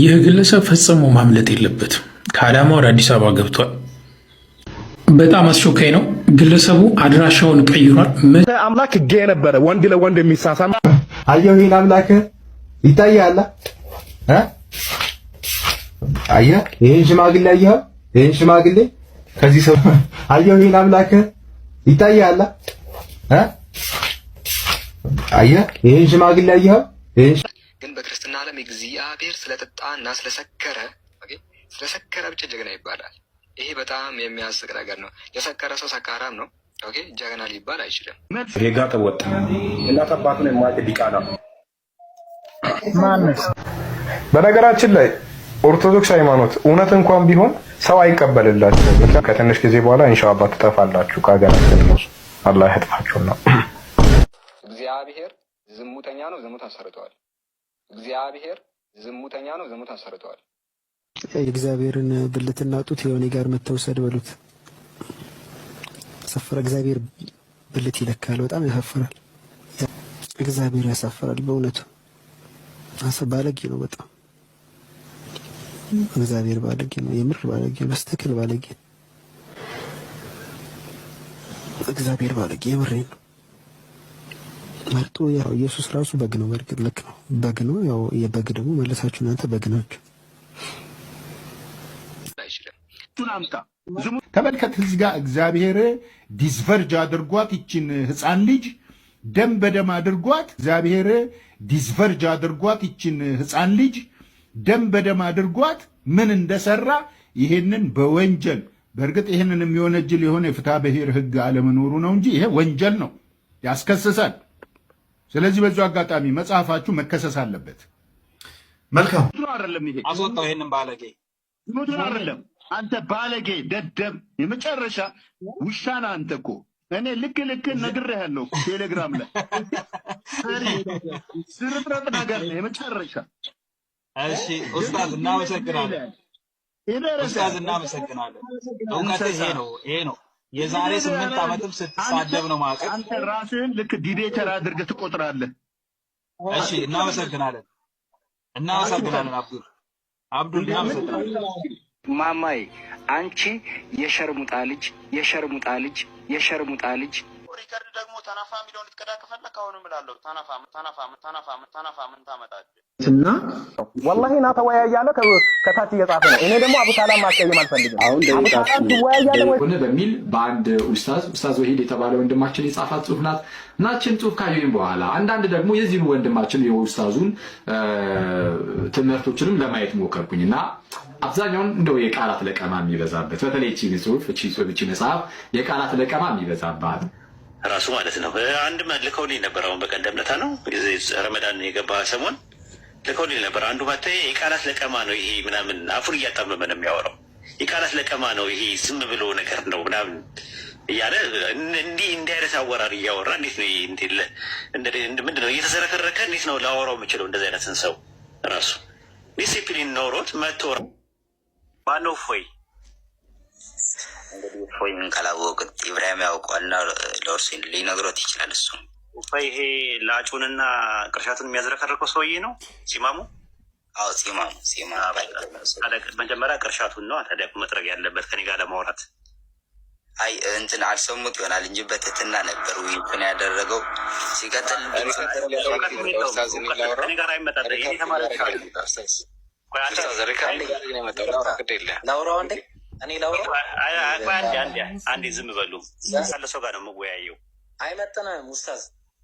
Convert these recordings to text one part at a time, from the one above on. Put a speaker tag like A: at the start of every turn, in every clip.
A: ይህ ግለሰብ ፈጽሞ ማምለጥ የለበትም። ከአዳማ ወደ አዲስ አበባ ገብቷል። በጣም አስቸኳይ ነው። ግለሰቡ አድራሻውን ቀይሯል።
B: አምላክ ጌ ነበረ ወንድ ለወንድ የሚሳሳ አየሁ። ይህን አምላክ ይታያለ። አየ ይህን ሽማግሌ አየኸው? ይህን ሽማግሌ ከዚህ ሰው አየሁ። ይህን አምላክ ይታያለ። አየ ይህን ሽማግሌ አየኸው?
C: ለዘላለም እግዚአብሔር ስለጠጣና ስለሰከረ ስለሰከረ ብቻ ጀግና ይባላል። ይሄ በጣም የሚያስቅ ነገር ነው። የሰከረ ሰው ሰካራም ነው፣ ጀግና ሊባል አይችልም።
A: ጋጠ ወጥ እናት አባቱን የማያውቅ ቢቃላ ማነስ። በነገራችን ላይ ኦርቶዶክስ ሃይማኖት እውነት እንኳን ቢሆን ሰው አይቀበልላችሁ። ከትንሽ ጊዜ በኋላ ኢንሻአላህ ትጠፋላችሁ ከሀገራችን ነው። አላህ ያጥፋችሁና
C: እግዚአብሔር ዝሙተኛ ነው፣ ዝሙት አሰርተዋል። እግዚአብሔር ዝሙተኛ ነው፣ ዝሙት አሰርተዋል።
A: የእግዚአብሔርን ብልትና ጡት የሆነ ጋር መተውሰድ በሉት ሰፈረ። እግዚአብሔር ብልት ይለካል። በጣም ያሳፍራል። እግዚአብሔር ያሳፍራል። በእውነቱ ባለጌ ነው። በጣም እግዚአብሔር ባለጌ ነው። የምር ባለጌ ነው። በስተክል ባለጌ እግዚአብሔር ባለጌ የምሬ ነው። መርጦ ያው ኢየሱስ ራሱ በግ ነው። በርግጥ ልክ ነው፣ በግ ነው። ያው የበግ ደግሞ መለሳችሁ እናንተ በግ ናችሁ። ተመልከት፣ እዚህ ጋር እግዚአብሔር ዲስቨርጅ አድርጓት ይችን ህፃን ልጅ ደም በደም አድርጓት። እግዚአብሔር ዲስቨርጅ አድርጓት ይችን ህፃን ልጅ ደም በደም አድርጓት። ምን እንደሰራ ይሄንን በወንጀል በእርግጥ ይህንን የሚወነጅል የሆነ የፍትሐ ብሔር ህግ አለመኖሩ ነው እንጂ ይሄ ወንጀል ነው፣ ያስከስሳል። ስለዚህ በዚሁ አጋጣሚ መጽሐፋችሁ መከሰስ አለበት። መልካም
D: አይደለም፣ ይሄ አስወጣው። ይሄንን ባለጌ
A: ኑትን አይደለም፣ አንተ ባለጌ ደደብ፣ የመጨረሻ ውሻና አንተ እኮ እኔ ልክ ልክ ነግሬሃለሁ። ቴሌግራም ላይ ስርጥረት ነገር ነው የመጨረሻ።
D: እሺ ኡስታዝ እናመሰግናለን። ኡስታዝ እናመሰግናለን። እውቀት ይሄ ነው፣ ይሄ ነው። የዛሬ ስምንት ዓመትም ስትሳደብ ነው ማለት።
A: አንተ ራስህን ልክ ዲቤተር አድርገህ ትቆጥራለህ።
D: እሺ፣ እናመሰግናለን፣ እናመሰግናለን አብዱል አብዱል፣ እናመሰግናለን።
C: ማማይ አንቺ የሸርሙጣ ልጅ፣ የሸርሙጣ ልጅ፣ የሸርሙጣ ልጅ ሪከርድ ደግሞ ተናፋ የሚለውን ልትቀዳ ከፈለክ አሁንም እላለሁ ተነፋ ተናፋ ተነፋ ተናፋ ምን ታመጣለህ?
A: እና
E: ወላሂ ና ተወያይ ያለ ከታች እየጻፈ ነው። እኔ ደግሞ አቡሳላም ማስቀየም አልፈልግም። አሁን
A: ሆነ በሚል በአንድ ኡስታዝ ኡስታዝ ወሂድ የተባለ ወንድማችን የጻፋት ጽሁፍ ናት። ናችን ጽሁፍ ካየሁኝ በኋላ አንዳንድ ደግሞ የዚህን ወንድማችን የኡስታዙን ትምህርቶችንም ለማየት ሞከርኩኝ እና አብዛኛውን እንደው የቃላት ለቀማ የሚበዛበት በተለይ እቺ ጽሁፍ እቺ መጽሐፍ የቃላት ለቀማ የሚበዛባት
C: ራሱ ማለት ነው። አንድ ልከውልኝ ነበር አሁን በቀደም ለታ ነው ረመዳን የገባ ሰሞን ልከውልኝ ነበር። አንዱ ባ የቃላት ለቀማ ነው ይሄ ምናምን አፉን እያጣመመ ነው የሚያወራው። የቃላት ለቀማ ነው ይሄ ዝም ብሎ ነገር ነው ምናምን እያለ እንዲህ እንዲህ አይነት አወራር እያወራ እንዴት ነው ነው እየተዘረከረከ እንዴት ነው ላወራው የምችለው? እንደዚህ አይነትን ሰው ራሱ ዲሲፕሊን ኖሮት መቶ ባኖፍ ወይ
F: እፎይን ካላወቅን ኢብራሂም ያውቋልና ለእርሱ ሊነግሮት ይችላል። እሱ
D: እፎይ ይሄ ላጩንና ቅርሻቱን የሚያዝረከርከው ሰውዬ ነው። ሲማሙ
F: አዎ፣ ሲማሙ ሲማሙ።
D: መጀመሪያ ቅርሻቱን ነው ታዲያ መጥረግ ያለበት ከኔ ጋር ለማውራት
F: አይ እንትን አልሰሙት ይሆናል እንጂ በትትና ነበር ውይይቱን ያደረገው። ሲቀጥል
D: ላውራው እንዴ እኔ ላውራ ዝም በሉ። ሳለ ሰው ጋር ነው የምወያየው።
E: አይመጥንም ኡስታዝ፣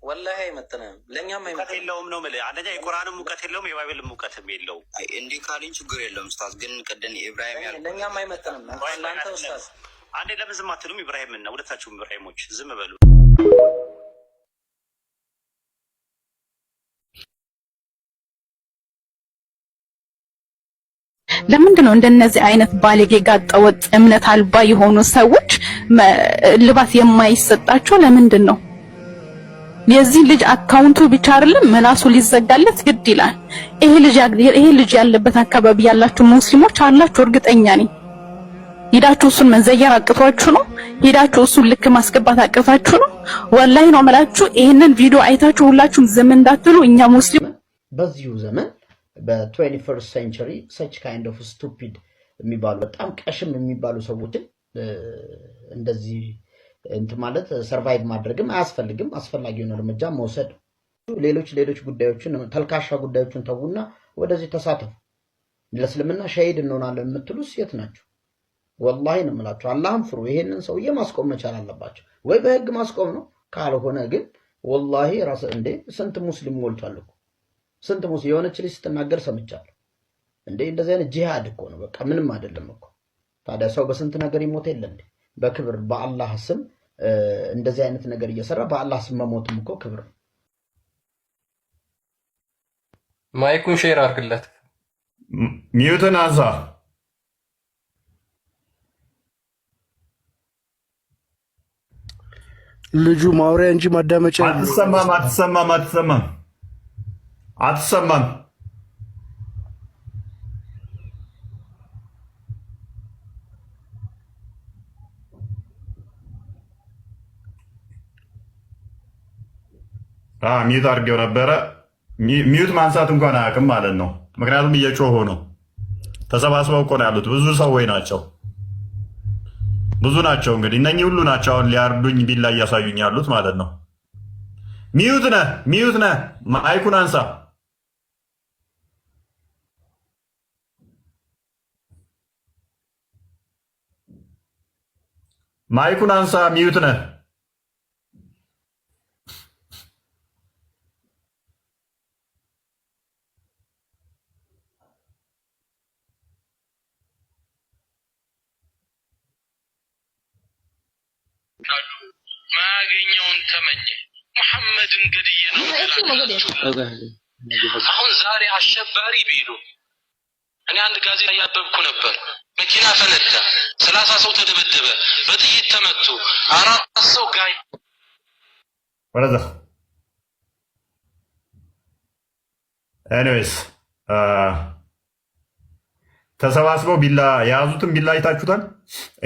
E: ወላሂ አይመጥንም።
D: ለእኛም ሙቀት የለውም ነው የምልህ። አንደኛ የቁርአንም ሙቀት የለውም፣ የባይብል ሙቀትም የለውም።
F: እንዲህ ችግር የለውም ኡስታዝ። ግን ኢብራሂም
E: ለእኛም አይመጥንም።
D: አንዴ ለምን ዝም አትሉም? ኢብራሂምና ሁለታችሁም ኢብራሂሞች ዝም በሉ።
G: ለምንድን ነው እንደነዚህ አይነት ባለጌ ጋጠወጥ እምነት አልባ የሆኑ ሰዎች ልባት የማይሰጣቸው? ለምንድን ነው የዚህ ልጅ አካውንቱ ብቻ አይደለም ምላሱ ሊዘጋለት ግድ ይላል። ይሄ ልጅ ይሄ ልጅ ያለበት አካባቢ ያላችሁ ሙስሊሞች አላችሁ፣ እርግጠኛ ነኝ። ሄዳችሁ እሱን መዘየር አቅቷችሁ ነው። ሄዳችሁ እሱን ልክ ማስገባት አቅቷችሁ ነው። ወላይ ነው የምላችሁ። ይህንን ቪዲዮ አይታችሁ ሁላችሁም ዝም እንዳትሉ እኛ ሙስሊም
H: በዚሁ ዘመን በትዌንቲ ፈርስት ሴንቸሪ ሰች ካይንድ ኦፍ ስቱፒድ የሚባሉ በጣም ቀሽም የሚባሉ ሰዎችን እንደዚህ እንት ማለት ሰርቫይቭ ማድረግም አያስፈልግም። አስፈላጊ የሆነ እርምጃ መውሰድ፣ ሌሎች ሌሎች ጉዳዮችን ተልካሻ ጉዳዮችን ተዉና ወደዚህ ተሳተፉ። ለእስልምና ሸሂድ እንሆናለን የምትሉ ሴት ናቸው። ወላሂ ነው የምላቸው። አላህም ፍሩ። ይሄንን ሰውዬ ማስቆም መቻል አለባቸው። ወይ በህግ ማስቆም ነው፣ ካልሆነ ግን ወላሂ ራስ እንዴ ስንት ሙስሊም ሞልቷል እኮ ስንት ሙስ የሆነች ልጅ ስትናገር ሰምቻለሁ። እንዴ እንደዚህ አይነት ጂሃድ እኮ ነው። በቃ ምንም አይደለም እኮ ታዲያ ሰው በስንት ነገር ይሞት የለ እንዴ? በክብር በአላህ ስም እንደዚህ አይነት ነገር እየሰራ በአላህ ስም መሞትም እኮ ክብር ነው።
I: ማይኩን ሼር አድርግለት።
J: ሚዩትን አዛ ልጁ ማውሪያ እንጂ ማዳመጫ አትሰማም፣ አትሰማም፣ አትሰማም አትሰማም። ሚዩት አድርጌው ነበረ። ሚዩት ማንሳት እንኳን አያውቅም ማለት ነው። ምክንያቱም እየጮሆ ነው። ተሰባስበው እኮ ነው ያሉት። ብዙ ሰው ወይ ናቸው ብዙ ናቸው። እንግዲህ እነኚህ ሁሉ ናቸው አሁን ሊያርዱኝ ቢላ እያሳዩኝ ያሉት ማለት ነው። ሚዩት ነህ፣ ሚዩት ነህ፣ ማይኩን አንሳ። ማይኩን አንሳ፣ ሚዩት ነህ።
K: ተመኘ። ሙሐመድን ገድዬ ነው አሁን ዛሬ አሸባሪ ቢሉ እኔ አንድ ጋዜጣ እያበብኩ ነበር። መኪና ፈነዳ፣ ሰላሳ ሰው ተደበደበ፣ በጥይት ተመቱ፣ አራት ሰው ጋይ
J: ወረዛ። ኤኒዌይስ uh, ተሰባስበው ቢላ የያዙትን ቢላ አይታችሁታል።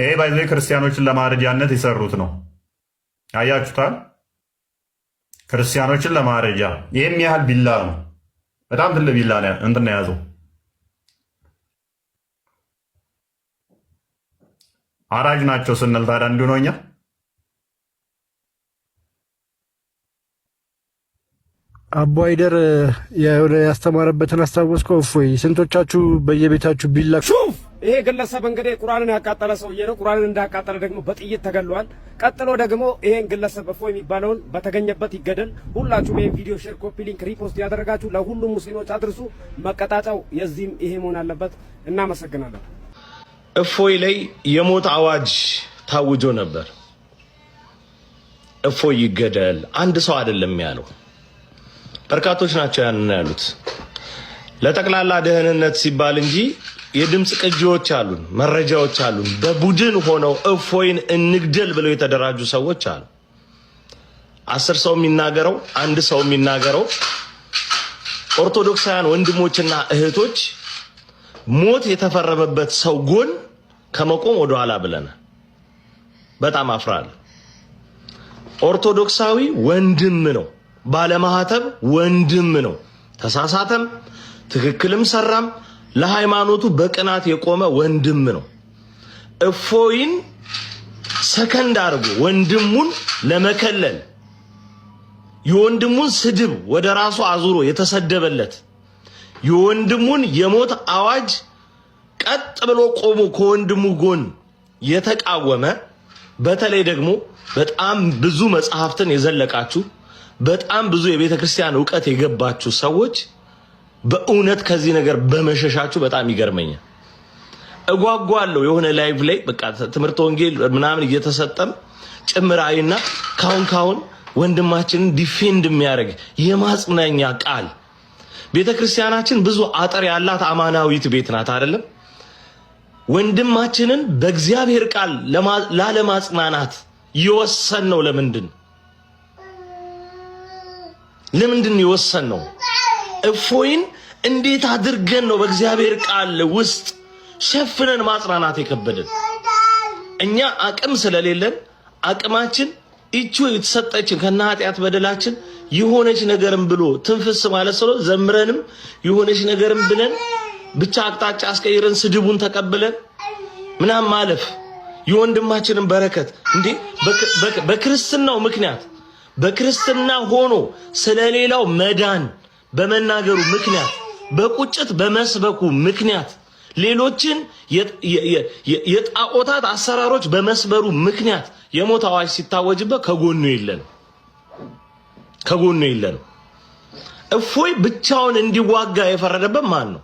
J: ይሄ ባይዘ ክርስቲያኖችን ለማረጃነት የሰሩት ነው። አያችሁታል። ክርስቲያኖችን ለማረጃ ይህም ያህል ቢላ ነው። በጣም ትልቅ ቢላ እንትን ነው የያዘው አራጅ ናቸው ስንል ታዲያ እንዲሁ ነው እኛ
L: አቦ አይደር ያስተማረበትን አስታወስከው? እፎይ ስንቶቻችሁ በየቤታችሁ ቢላ
M: ሹፍ። ይሄ ግለሰብ እንግዲህ ቁርአንን ያቃጠለ ሰውዬ ነው። ቁርአንን እንዳቃጠለ ደግሞ በጥይት ተገሏል። ቀጥሎ ደግሞ ይሄን ግለሰብ እፎ የሚባለውን በተገኘበት ይገደል። ሁላችሁም ይሄን ቪዲዮ ሼር፣ ኮፒ ሊንክ፣ ሪፖስት ያደረጋችሁ ለሁሉም ሙስሊሞች አድርሱ። መቀጣጫው የዚህም ይሄ መሆን አለበት። እናመሰግናለን።
J: እፎይ ላይ የሞት አዋጅ ታውጆ ነበር። እፎይ ይገደል አንድ ሰው አይደለም ያለው፣ በርካቶች ናቸው ያንን ያሉት። ለጠቅላላ ደህንነት ሲባል እንጂ የድምፅ ቅጂዎች አሉን፣ መረጃዎች አሉን። በቡድን ሆነው እፎይን እንግደል ብለው የተደራጁ ሰዎች አሉ። አስር ሰው የሚናገረው አንድ ሰው የሚናገረው ኦርቶዶክሳውያን ወንድሞችና እህቶች ሞት የተፈረመበት ሰው ጎን ከመቆም ወደኋላ ብለናል። በጣም አፍራል። ኦርቶዶክሳዊ ወንድም ነው፣ ባለማህተብ ወንድም ነው። ተሳሳተም ትክክልም ሰራም ለሃይማኖቱ በቅናት የቆመ ወንድም ነው። እፎይን ሰከንድ አድርጎ ወንድሙን ለመከለል የወንድሙን ስድብ ወደ ራሱ አዙሮ የተሰደበለት የወንድሙን የሞት አዋጅ ቀጥ ብሎ ቆሞ ከወንድሙ ጎን የተቃወመ በተለይ ደግሞ በጣም ብዙ መጽሐፍትን የዘለቃችሁ በጣም ብዙ የቤተ ክርስቲያን እውቀት የገባችሁ ሰዎች በእውነት ከዚህ ነገር በመሸሻችሁ በጣም ይገርመኛል። እጓጓለሁ የሆነ ላይቭ ላይ በቃ ትምህርት ወንጌል ምናምን እየተሰጠም ጭምራዊና ካሁን ካሁን ወንድማችንን ዲፌንድ የሚያደርግ የማጽናኛ ቃል ቤተ ክርስቲያናችን ብዙ አጥር ያላት አማናዊት ቤት ናት አይደለም? ወንድማችንን በእግዚአብሔር ቃል ላለማጽናናት የወሰን ነው። ለምንድን ለምንድን የወሰን ነው? እፎይን እንዴት አድርገን ነው በእግዚአብሔር ቃል ውስጥ ሸፍነን ማጽናናት የከበደን? እኛ አቅም ስለሌለን አቅማችን እቹ የተሰጠችን ከነ ኃጢአት በደላችን የሆነች ነገርም ብሎ ትንፍስ ማለት ስለ ዘምረንም የሆነች ነገርም ብለን ብቻ አቅጣጫ አስቀይረን ስድቡን ተቀብለን ምናም ማለፍ የወንድማችንን በረከት እንዴ በክርስትናው ምክንያት በክርስትና ሆኖ ስለሌላው መዳን በመናገሩ ምክንያት በቁጭት በመስበኩ ምክንያት ሌሎችን የጣዖታት አሰራሮች በመስበሩ ምክንያት የሞት አዋጅ ሲታወጅበት ከጎኑ የለንም። ከጎኑ ነው። እፎይ ብቻውን እንዲዋጋ የፈረደበት ማን ነው?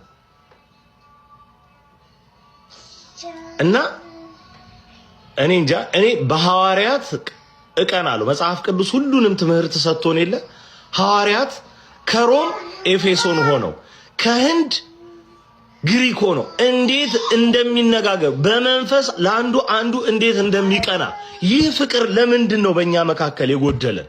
J: እና እኔ እንጃ እኔ በሐዋርያት እቀናለሁ። መጽሐፍ ቅዱስ ሁሉንም ትምህርት ሰጥቶን የለ ሐዋርያት ከሮም ኤፌሶን ሆነው ከህንድ ግሪክ ሆኖ እንዴት እንደሚነጋገር በመንፈስ ለአንዱ አንዱ እንዴት እንደሚቀና ይህ ፍቅር ለምንድን ነው በእኛ መካከል የጎደለን?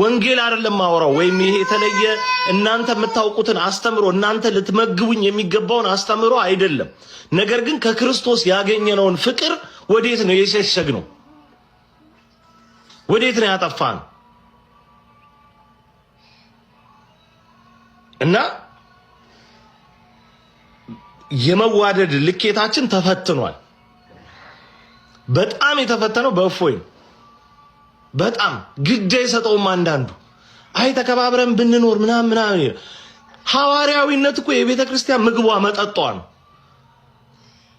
J: ወንጌል አይደለም ማወራው ወይም ይሄ የተለየ እናንተ የምታውቁትን አስተምሮ እናንተ ልትመግቡኝ የሚገባውን አስተምሮ አይደለም። ነገር ግን ከክርስቶስ ያገኘነውን ፍቅር ወዴት ነው የሸሸግ ነው? ወዴት ነው ያጠፋ እና የመዋደድ ልኬታችን ተፈትኗል። በጣም የተፈተነው በእፎይ ነው። በጣም ግድ አይሰጠውም። አንዳንዱ አይ ተከባብረን ብንኖር ምናምን ምናምን ሐዋርያዊነት እኮ የቤተ ክርስቲያን ምግቧ መጠጧ ነው።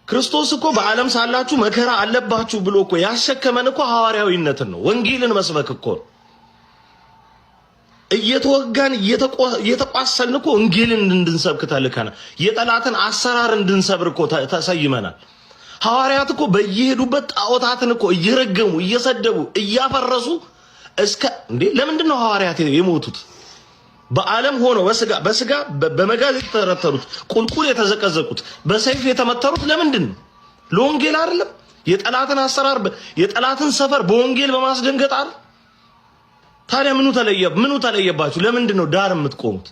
J: ክርስቶስ እኮ በዓለም ሳላችሁ መከራ አለባችሁ ብሎ እኮ ያሸከመን እኮ ሐዋርያዊነትን ነው፣ ወንጌልን መስበክ እኮ ነው። እየተወጋን እየተቋሰልን እኮ ወንጌልን እንድንሰብክ ተልከናል። የጠላትን አሰራር እንድንሰብር እኮ ተሰይመናል። ሐዋርያት እኮ በየሄዱበት ጣዖታትን እኮ እየረገሙ እየሰደቡ እያፈረሱ እስከ እንዴ ለምንድን ነው ሐዋርያት የሞቱት? በዓለም ሆነው በስጋ በስጋ በመጋዝ የተተረተሩት ቁልቁል የተዘቀዘቁት በሰይፍ የተመተሩት ለምንድን ነው? ለወንጌል አይደለም? የጠላትን አሰራር የጠላትን ሰፈር በወንጌል በማስደንገጥ አይደል? ታዲያ ምኑ ተለየ? ምኑ ተለየባችሁ? ለምንድን ነው ዳር የምትቆሙት?